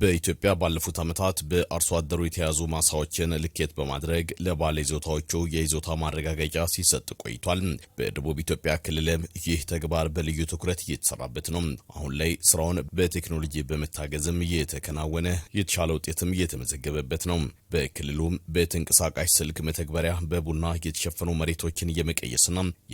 በኢትዮጵያ ባለፉት ዓመታት በአርሶ አደሩ የተያዙ ማሳዎችን ልኬት በማድረግ ለባለ ይዞታዎቹ የይዞታ ማረጋገጫ ሲሰጥ ቆይቷል። በደቡብ ኢትዮጵያ ክልልም ይህ ተግባር በልዩ ትኩረት እየተሰራበት ነው። አሁን ላይ ስራውን በቴክኖሎጂ በመታገዝም እየተከናወነ የተሻለ ውጤትም እየተመዘገበበት ነው። በክልሉም በተንቀሳቃሽ ስልክ መተግበሪያ በቡና የተሸፈኑ መሬቶችን የመቀየስና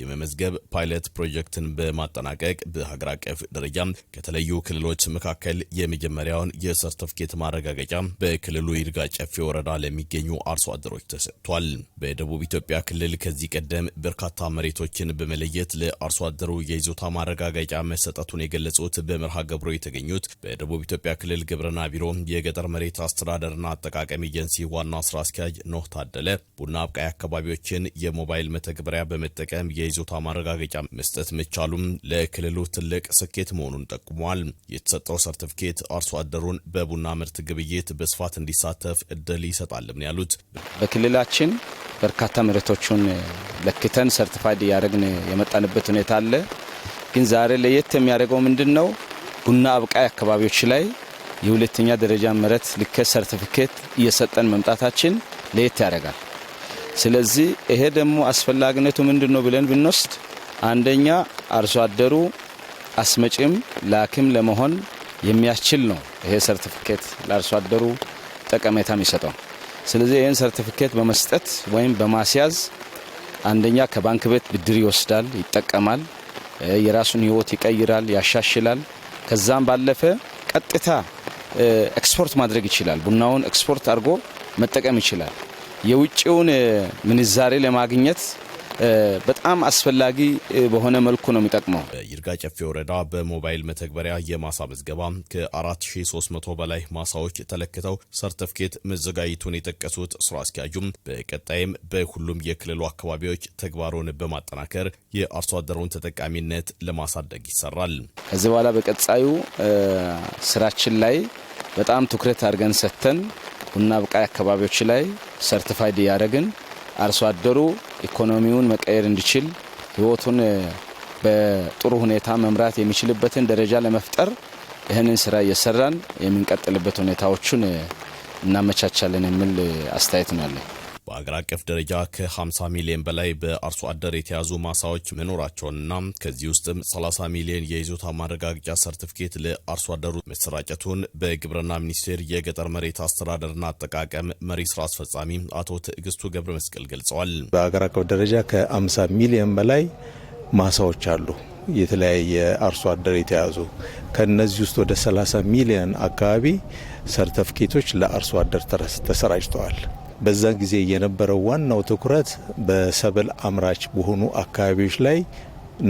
የመመዝገብ ፓይለት ፕሮጀክትን በማጠናቀቅ በሀገር አቀፍ ደረጃ ከተለያዩ ክልሎች መካከል የመጀመሪያውን የሰ ስቴት ማረጋገጫ በክልሉ ይርጋ ጨፌ ወረዳ ለሚገኙ አርሶ አደሮች ተሰጥቷል። በደቡብ ኢትዮጵያ ክልል ከዚህ ቀደም በርካታ መሬቶችን በመለየት ለአርሶ አደሩ የይዞታ ማረጋገጫ መሰጠቱን የገለጹት በመርሃ ግብሩ የተገኙት በደቡብ ኢትዮጵያ ክልል ግብርና ቢሮ የገጠር መሬት አስተዳደርና አጠቃቀም ኤጀንሲ ዋና ስራ አስኪያጅ ኖህ ታደለ ቡና አብቃይ አካባቢዎችን የሞባይል መተግበሪያ በመጠቀም የይዞታ ማረጋገጫ መስጠት መቻሉም ለክልሉ ትልቅ ስኬት መሆኑን ጠቁሟል። የተሰጠው ሰርቲፊኬት አርሶ አደሩን በ በቡና ምርት ግብይት በስፋት እንዲሳተፍ እድል ይሰጣልም ነው ያሉት። በክልላችን በርካታ መሬቶቹን ለክተን ሰርቲፋይድ እያደረግን የመጣንበት ሁኔታ አለ። ግን ዛሬ ለየት የሚያደርገው ምንድን ነው? ቡና አብቃይ አካባቢዎች ላይ የሁለተኛ ደረጃ ምረት ልኬት ሰርቲፊኬት እየሰጠን መምጣታችን ለየት ያደርጋል። ስለዚህ ይሄ ደግሞ አስፈላጊነቱ ምንድን ነው ብለን ብንወስድ አንደኛ አርሶ አደሩ አስመጪም ላኪም ለመሆን የሚያስችል ነው። ይሄ ሰርቲፊኬት ለአርሶ አደሩ ጠቀሜታ የሚሰጠው። ስለዚህ ይህን ሰርቲፊኬት በመስጠት ወይም በማስያዝ አንደኛ ከባንክ ቤት ብድር ይወስዳል፣ ይጠቀማል፣ የራሱን ህይወት ይቀይራል፣ ያሻሽላል። ከዛም ባለፈ ቀጥታ ኤክስፖርት ማድረግ ይችላል። ቡናውን ኤክስፖርት አድርጎ መጠቀም ይችላል። የውጭውን ምንዛሬ ለማግኘት በጣም አስፈላጊ በሆነ መልኩ ነው የሚጠቅመው። በይርጋ ጨፌ ወረዳ በሞባይል መተግበሪያ የማሳ ምዝገባ ከ4300 በላይ ማሳዎች ተለክተው ሰርተፍኬት መዘጋጀቱን የጠቀሱት ስራ አስኪያጁም በቀጣይም በሁሉም የክልሉ አካባቢዎች ተግባሩን በማጠናከር የአርሶ አደሩን ተጠቃሚነት ለማሳደግ ይሰራል። ከዚህ በኋላ በቀጣዩ ስራችን ላይ በጣም ትኩረት አድርገን ሰጥተን ቡና አብቃይ አካባቢዎች ላይ ሰርቲፋይድ እያደረግን አርሶ አደሩ ኢኮኖሚውን መቀየር እንዲችል ህይወቱን በጥሩ ሁኔታ መምራት የሚችልበትን ደረጃ ለመፍጠር ይህንን ስራ እየሰራን የምንቀጥልበት ሁኔታዎቹን እናመቻቻለን የሚል አስተያየት ነው በአገር አቀፍ ደረጃ ከ50 ሚሊዮን በላይ በአርሶ አደር የተያዙ ማሳዎች መኖራቸውንና ከዚህ ውስጥም 30 ሚሊዮን የይዞታ ማረጋገጫ ሰርቲፊኬት ለአርሶ አደሩ መሰራጨቱን በግብርና ሚኒስቴር የገጠር መሬት አስተዳደርና አጠቃቀም መሪ ስራ አስፈጻሚ አቶ ትዕግስቱ ገብረ መስቀል ገልጸዋል። በአገር አቀፍ ደረጃ ከ50 ሚሊዮን በላይ ማሳዎች አሉ። የተለያየ አርሶ አደር የተያዙ ከነዚህ ውስጥ ወደ 30 ሚሊዮን አካባቢ ሰርተፍኬቶች ለአርሶ አደር ተሰራጭተዋል። በዛን ጊዜ የነበረው ዋናው ትኩረት በሰብል አምራች በሆኑ አካባቢዎች ላይ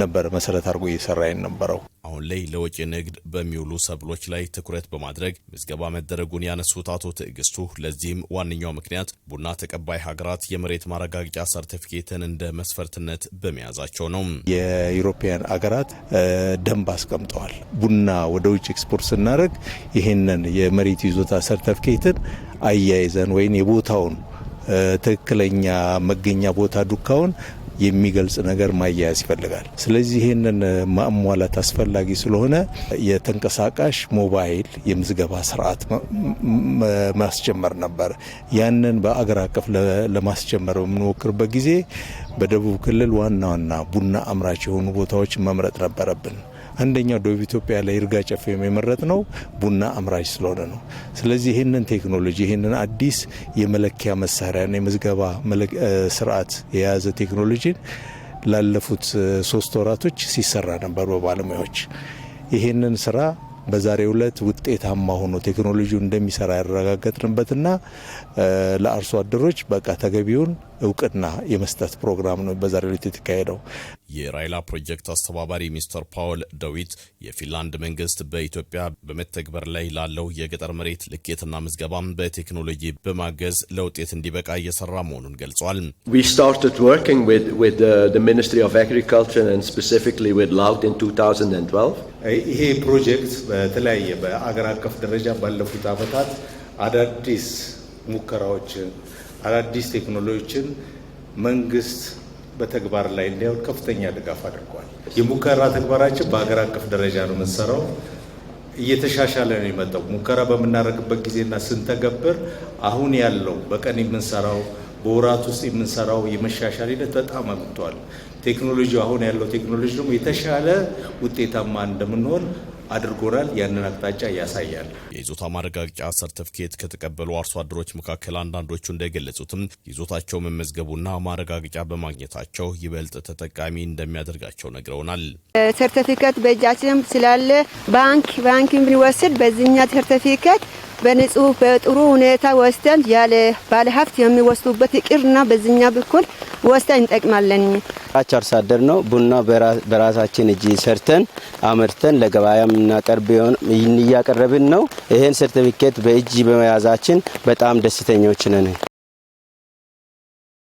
ነበር መሰረት አድርጎ እየሰራ የነበረው። አሁን ላይ ለወጪ ንግድ በሚውሉ ሰብሎች ላይ ትኩረት በማድረግ ምዝገባ መደረጉን ያነሱት አቶ ትዕግስቱ ለዚህም ዋነኛው ምክንያት ቡና ተቀባይ ሀገራት የመሬት ማረጋገጫ ሰርቲፊኬትን እንደ መስፈርትነት በመያዛቸው ነው። የዩሮፒያን ሀገራት ደንብ አስቀምጠዋል። ቡና ወደ ውጭ ኤክስፖርት ስናደርግ ይህንን የመሬት ይዞታ ሰርቲፊኬትን አያይዘን ወይም የቦታውን ትክክለኛ መገኛ ቦታ ዱካውን የሚገልጽ ነገር ማያያዝ ይፈልጋል። ስለዚህ ይህንን ማሟላት አስፈላጊ ስለሆነ የተንቀሳቃሽ ሞባይል የምዝገባ ስርዓት ማስጀመር ነበር። ያንን በአገር አቀፍ ለማስጀመር በምንሞክርበት ጊዜ በደቡብ ክልል ዋና ዋና ቡና አምራች የሆኑ ቦታዎችን መምረጥ ነበረብን። አንደኛው ደቡብ ኢትዮጵያ ላይ ይርጋ ጨፌም የመረጥ ነው ቡና አምራች ስለሆነ ነው። ስለዚህ ይህንን ቴክኖሎጂ ይህንን አዲስ የመለኪያ መሳሪያና የምዝገባ ስርዓት የያዘ ቴክኖሎጂን ላለፉት ሶስት ወራቶች ሲሰራ ነበር በባለሙያዎች ይህንን ስራ በዛሬ ዕለት ውጤታማ ሆኖ ቴክኖሎጂው እንደሚሰራ ያረጋገጥንበትና ለአርሶ አደሮች በቃ ተገቢውን እውቅና የመስጠት ፕሮግራም ነው በዛሬ ዕለት የተካሄደው። የራይላ ፕሮጀክት አስተባባሪ ሚስተር ፓውል ደዊት የፊንላንድ መንግስት በኢትዮጵያ በመተግበር ላይ ላለው የገጠር መሬት ልኬትና ምዝገባ በቴክኖሎጂ በማገዝ ለውጤት እንዲበቃ እየሰራ መሆኑን ገልጿል። eh, ይሄ ፕሮጀክት በተለያየ በአገር አቀፍ ደረጃ ባለፉት ዓመታት አዳዲስ ሙከራዎችን አዳዲስ ቴክኖሎጂዎችን መንግስት በተግባር ላይ እንዲያውል ከፍተኛ ድጋፍ አድርጓል። የሙከራ ተግባራችን በሀገር አቀፍ ደረጃ ነው የምንሰራው። እየተሻሻለ ነው የመጣው። ሙከራ በምናደርግበት ጊዜና ስንተገብር አሁን ያለው በቀን የምንሰራው በወራት ውስጥ የምንሰራው የመሻሻል ሂደት በጣም አግብቷል። ቴክኖሎጂ አሁን ያለው ቴክኖሎጂ ደግሞ የተሻለ ውጤታማ እንደምንሆን አድርጎናል። ያንን አቅጣጫ ያሳያል። የይዞታ ማረጋገጫ ሰርተፍኬት ከተቀበሉ አርሶ አደሮች መካከል አንዳንዶቹ እንደገለጹትም ይዞታቸው መመዝገቡና ማረጋገጫ በማግኘታቸው ይበልጥ ተጠቃሚ እንደሚያደርጋቸው ነግረውናል። ሰርተፊኬት በእጃችንም ስላለ ባንክ ባንክ ብንወስድ በዚህኛ ሰርተፊኬት በንጹህ በጥሩ ሁኔታ ወስደን ያለ ባለሀብት የሚወስዱበት ይቅርና በዚኛ በኩል ወስደን እንጠቅማለን። አርሶ አደር ነው። ቡና በራሳችን እጅ ሰርተን አምርተን ለገበያ የምናቀርብ እያቀረብን ነው። ይህን ሰርቲፊኬት በእጅ በመያዛችን በጣም ደስተኞች ነን።